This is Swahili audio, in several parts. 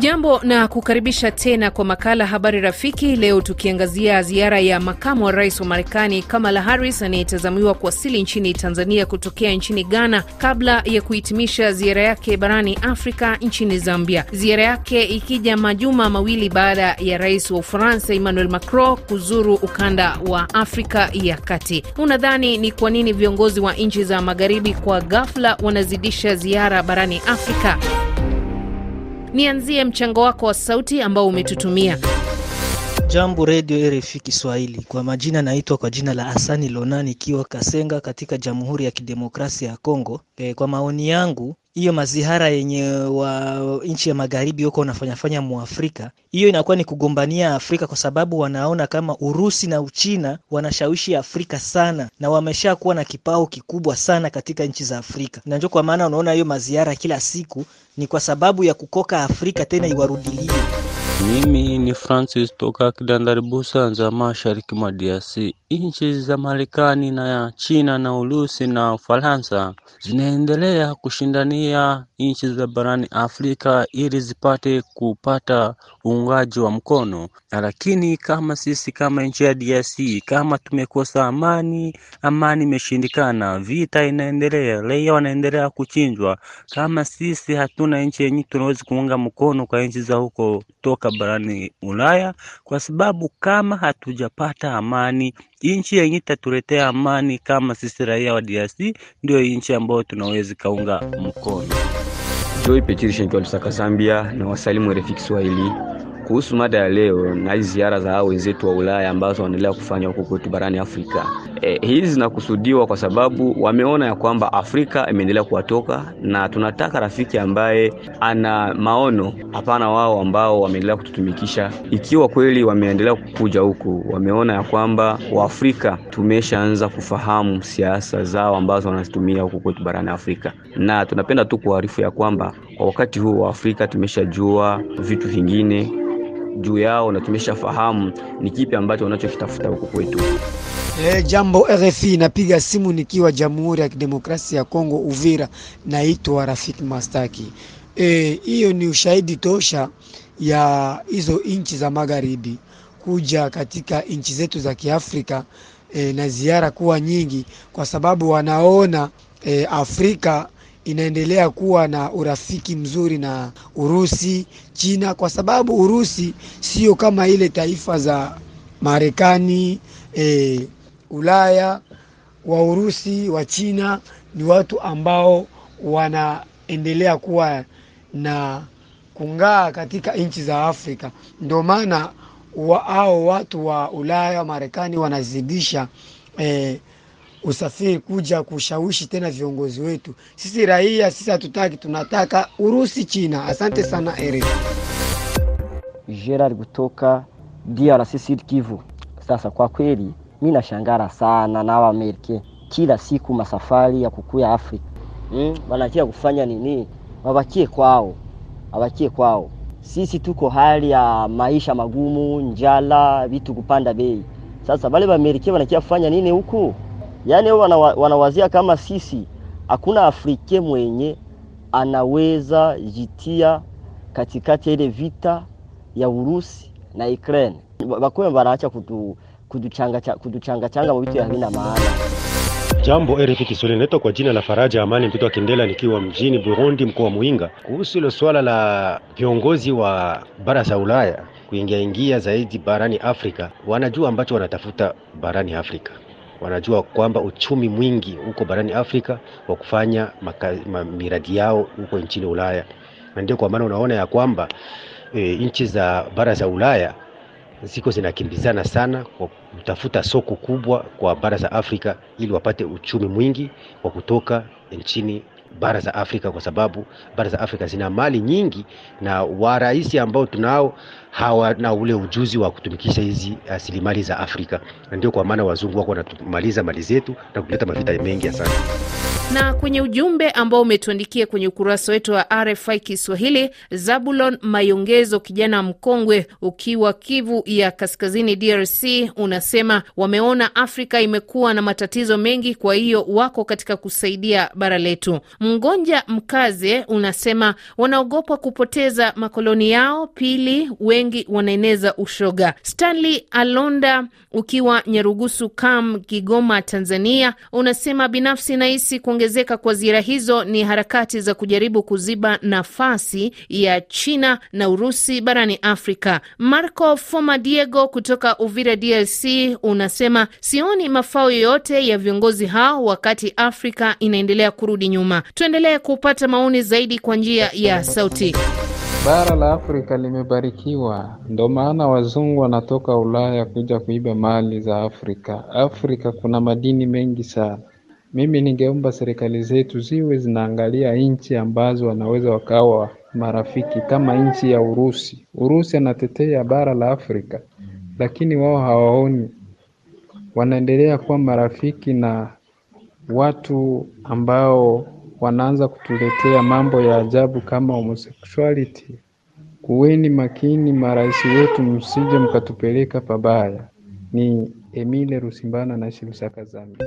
Hujambo na kukaribisha tena kwa makala Habari Rafiki. Leo tukiangazia ziara ya makamu wa rais wa Marekani Kamala Harris anayetazamiwa kuwasili nchini Tanzania kutokea nchini Ghana kabla ya kuhitimisha ziara yake barani Afrika nchini Zambia, ziara yake ikija majuma mawili baada ya rais wa Ufaransa Emmanuel Macron kuzuru ukanda wa Afrika ya Kati. Unadhani ni kwa nini viongozi wa nchi za magharibi kwa ghafla wanazidisha ziara barani Afrika? Nianzie mchango wako wa sauti ambao umetutumia. Jambo Radio RFI Kiswahili. Kwa majina naitwa kwa jina la hasani Lona nikiwa Kasenga katika Jamhuri ya Kidemokrasia ya Kongo. E, kwa maoni yangu hiyo mazihara yenye wa nchi ya magharibi huko wanafanyafanya muafrika, hiyo inakuwa ni kugombania Afrika kwa sababu wanaona kama Urusi na Uchina wanashawishi Afrika sana na wamesha kuwa na kipao kikubwa sana katika nchi za Afrika, na kwa maana unaona hiyo mazihara kila siku ni kwa sababu ya kukoka Afrika tena iwarudilie. Mimi ni Francis toka Kidandari Busanza, mashariki mwa DRC. Nchi za Marekani na ya China na Urusi na Ufaransa zinaendelea kushindania nchi za barani Afrika ili zipate kupata uungaji wa mkono, lakini kama sisi kama nchi ya DRC e, kama tumekosa amani, amani imeshindikana, vita inaendelea, raia wanaendelea kuchinjwa, kama sisi hatuna nchi yenyewe tunaweza kuunga mkono kwa nchi za huko toka barani Ulaya, kwa sababu kama hatujapata amani nchi yenye itatuletea amani kama sisi raia wa DRC e, ndio nchi ambayo tunaweza kaunga mkono. Joy Petiri Shenkoli Saka Zambia na wasalimu RFI Kiswahili. Kuhusu mada ya leo na hizi ziara za hao wenzetu wa Ulaya ambazo wanaendelea kufanya huko kwetu barani Afrika, e, hizi zinakusudiwa kwa sababu wameona ya kwamba Afrika imeendelea kuwatoka, na tunataka rafiki ambaye ana maono, hapana wao ambao wameendelea kututumikisha. Ikiwa kweli wameendelea kukuja huku, wameona ya kwamba Waafrika tumeshaanza kufahamu siasa zao ambazo wanazitumia huko kwetu barani Afrika, na tunapenda tu kuarifu ya kwamba kwa wakati huu wa Afrika tumeshajua vitu vingine juu yao na tumeshafahamu ni kipi ambacho wanachokitafuta huko kwetu. Hey, eh, jambo RFI, napiga simu nikiwa Jamhuri ya Kidemokrasia ya Kongo, Uvira. Naitwa Rafiki Mastaki. Eh, hiyo e, ni ushahidi tosha ya hizo nchi za magharibi kuja katika nchi zetu za Kiafrika e, na ziara kuwa nyingi kwa sababu wanaona e, Afrika inaendelea kuwa na urafiki mzuri na Urusi, China, kwa sababu Urusi sio kama ile taifa za Marekani, e, Ulaya. Wa Urusi wa China ni watu ambao wanaendelea kuwa na kung'aa katika nchi za Afrika. Ndio maana hao watu wa Ulaya, Marekani wanazidisha e, usafiri kuja kushawishi tena viongozi wetu. Sisi raia, sisi hatutaki, tunataka Urusi, China. Asante sana Eric Gerard kutoka DRC Sud Kivu. Sasa kwa kweli mi nashangara sana na Waamerika, kila siku masafari ya kukuya Afrika hmm? Wanakia kufanya nini? Wabakie kwao, wabakie kwao. Sisi tuko hali ya maisha magumu, njala, vitu kupanda bei. Sasa wale Waamerika wanakia kufanya nini huku? yaani wana, wanawazia kama sisi hakuna Afrike mwenye anaweza jitia katikati ya ile vita ya Urusi na Ukraine. Bakuwe banaacha kutu, kutuchangachanga kutuchanga vitu havina maana. Jambo RFI Kiswahili, naitwa kwa jina la Faraja Amani mtoto wa Kindela, nikiwa mjini Burundi, mkoa wa Muinga, kuhusu hilo swala la viongozi wa bara za Ulaya kuingia ingia zaidi barani Afrika. Wanajua ambacho wanatafuta barani Afrika wanajua kwamba uchumi mwingi huko barani Afrika wa kufanya miradi yao huko nchini Ulaya, na ndio kwa maana unaona ya kwamba e, nchi za bara za Ulaya ziko zinakimbizana sana kwa kutafuta soko kubwa kwa bara za Afrika ili wapate uchumi mwingi wa kutoka nchini bara za Afrika, kwa sababu bara za Afrika zina mali nyingi na waraisi ambao tunao hawana ule ujuzi wa kutumikisha hizi rasilimali za Afrika, na ndio kwa maana wazungu wako wanatumaliza mali zetu na kuleta mavita mengi sana. Na kwenye ujumbe ambao umetuandikia kwenye ukurasa wetu wa RFI Kiswahili, Zabulon Mayongezo, kijana mkongwe ukiwa Kivu ya Kaskazini, DRC, unasema wameona Afrika imekuwa na matatizo mengi, kwa hiyo wako katika kusaidia bara letu. Mgonja Mkaze unasema wanaogopa kupoteza makoloni yao. Pili, wengi wanaeneza ushoga. Stanley Alonda ukiwa Nyarugusu, Kam, Kigoma, Tanzania, unasema binafsi nahisi kuongezeka kwa ziara hizo ni harakati za kujaribu kuziba nafasi ya China na Urusi barani Afrika. Marco Foma Diego kutoka Uvira, DRC, unasema sioni mafao yoyote ya viongozi hao wakati Afrika inaendelea kurudi nyuma. Tuendelee kupata maoni zaidi kwa njia ya sauti. Bara la Afrika limebarikiwa, ndo maana wazungu wanatoka Ulaya kuja kuiba mali za Afrika. Afrika kuna madini mengi sana mimi ningeomba serikali zetu ziwe zinaangalia nchi ambazo wanaweza wakawa marafiki kama nchi ya Urusi. Urusi anatetea bara la Afrika, lakini wao hawaoni, wanaendelea kuwa marafiki na watu ambao wanaanza kutuletea mambo ya ajabu kama homosexuality. Kuweni makini marais wetu, msije mkatupeleka pabaya ni Emile Rusimbana na Shilusaka Zambi.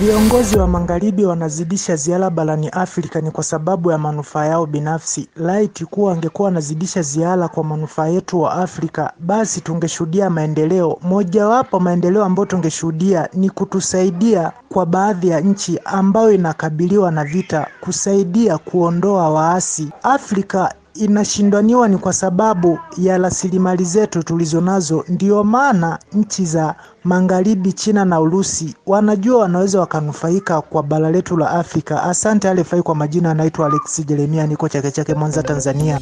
Viongozi wa magharibi wanazidisha ziara barani Afrika ni kwa sababu ya manufaa yao binafsi. Laiti kuwa angekuwa anazidisha ziara kwa manufaa yetu wa Afrika, basi tungeshuhudia maendeleo. Mojawapo maendeleo ambayo tungeshuhudia ni kutusaidia kwa baadhi ya nchi ambayo inakabiliwa na vita, kusaidia kuondoa waasi Afrika inashindaniwa ni kwa sababu ya rasilimali zetu tulizonazo. Ndiyo maana nchi za magharibi, China na Urusi, wanajua wanaweza wakanufaika kwa bara letu la Afrika. Asante alefai. Kwa majina anaitwa Alex Jeremia, niko Chake Chake, Mwanza, Tanzania.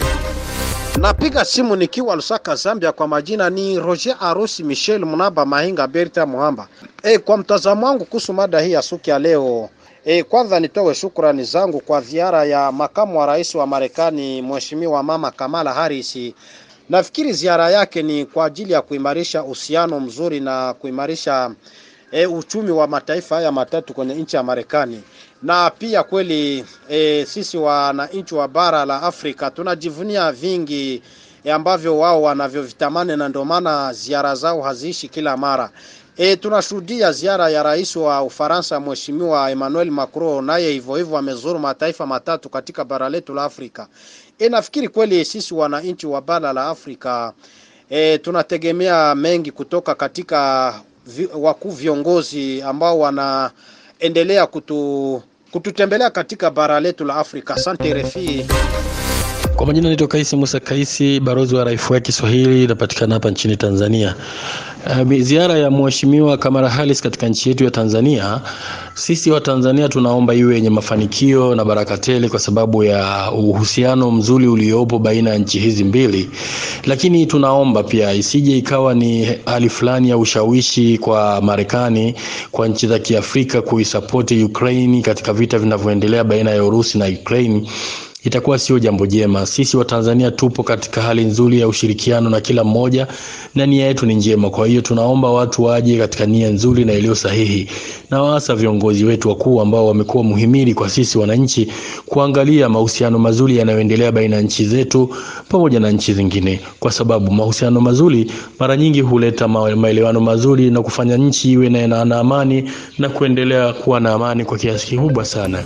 Napiga simu nikiwa Lusaka, Zambia. Kwa majina ni Roger Arusi Michel Munaba Mahinga Berta Muhamba. Hey, eh, kwa mtazamo wangu kuhusu mada hii ya suki ya leo E, kwanza nitoe shukrani zangu kwa ziara ya makamu wa rais wa Marekani Mheshimiwa Mama Kamala Harris. Nafikiri ziara yake ni kwa ajili ya kuimarisha uhusiano mzuri na kuimarisha e, uchumi wa mataifa haya matatu kwenye nchi ya Marekani. Na pia kweli e, sisi wananchi wa bara la Afrika tunajivunia vingi e, ambavyo wao wanavyovitamani na ndio maana ziara zao haziishi kila mara. E, tunashuhudia ziara ya rais wa Ufaransa Mheshimiwa Emmanuel Macron, naye hivyo hivyo amezuru mataifa matatu katika bara letu la Afrika. E, nafikiri kweli sisi wananchi wa bara la Afrika e, tunategemea mengi kutoka katika wakuu viongozi ambao wanaendelea kutu, kututembelea katika bara letu la Afrika. Asante refi. Kwa majina naitwa Kaisi Musa Kaisi, barozi wa Raifu ya Kiswahili, inapatikana hapa nchini Tanzania. Eh, ziara ya Mheshimiwa Kamala Harris katika nchi yetu ya Tanzania, sisi wa Tanzania tunaomba iwe yenye mafanikio na baraka tele, kwa sababu ya uhusiano mzuri uliopo baina ya nchi hizi mbili, lakini tunaomba pia isije ikawa ni hali fulani ya ushawishi kwa Marekani kwa nchi za Kiafrika kuisapoti Ukraine katika vita vinavyoendelea baina ya Urusi na Ukraine itakuwa sio jambo jema. Sisi Watanzania tupo katika hali nzuri ya ushirikiano na kila mmoja, na nia yetu ni njema. Kwa hiyo tunaomba watu waje katika nia nzuri na iliyo sahihi, na hasa viongozi wetu wakuu ambao wamekuwa muhimili kwa sisi wananchi kuangalia mahusiano mazuri yanayoendelea baina ya nchi zetu pamoja na nchi zingine, kwa sababu mahusiano mazuri mara nyingi huleta maelewano mazuri na kufanya nchi iwe na amani na kuendelea kuwa na amani kwa kiasi kikubwa sana.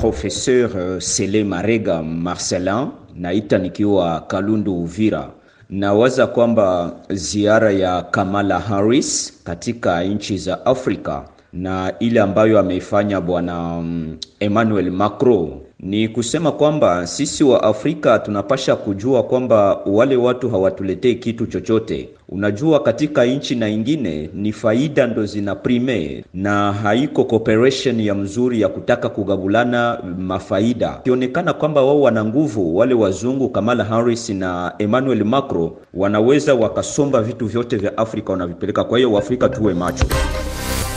Professeur euh, Sele Marega Marcelin, naita nikiwa Kalundu Uvira. Nawaza kwamba ziara ya Kamala Harris katika nchi za Afrika na ile ambayo ameifanya bwana mm, Emmanuel Macron ni kusema kwamba sisi wa Afrika tunapasha kujua kwamba wale watu hawatuletei kitu chochote. Unajua, katika nchi na ingine ni faida ndo zina prime na haiko cooperation ya mzuri ya kutaka kugabulana mafaida. Ikionekana kwamba wao wana nguvu, wale wazungu Kamala Harris na Emmanuel Macron wanaweza wakasomba vitu vyote vya Afrika wanavipeleka. Kwa hiyo Waafrika tuwe macho.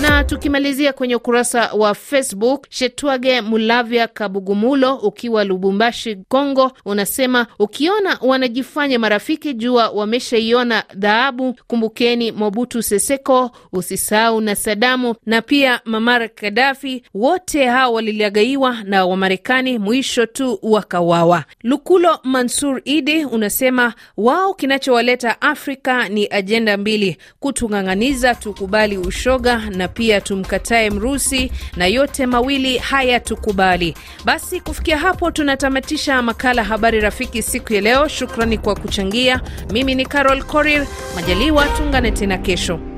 Na tukimalizia kwenye ukurasa wa Facebook, Shetwage Mulavya Kabugumulo ukiwa Lubumbashi, Kongo, unasema ukiona wanajifanya marafiki, jua wameshaiona dhahabu. Kumbukeni Mobutu Seseko, usisahau na Sadamu na pia Mamara Kadafi, wote hao walilagaiwa na Wamarekani, mwisho tu wakawawa. Lukulo Mansur Idi unasema wao kinachowaleta Afrika ni ajenda mbili, kutung'ang'aniza tukubali ushoga na pia tumkatae Mrusi, na yote mawili hayatukubali. Basi kufikia hapo tunatamatisha makala Habari Rafiki siku ya leo. Shukrani kwa kuchangia. Mimi ni Carol corir Majaliwa, tuungane tena kesho.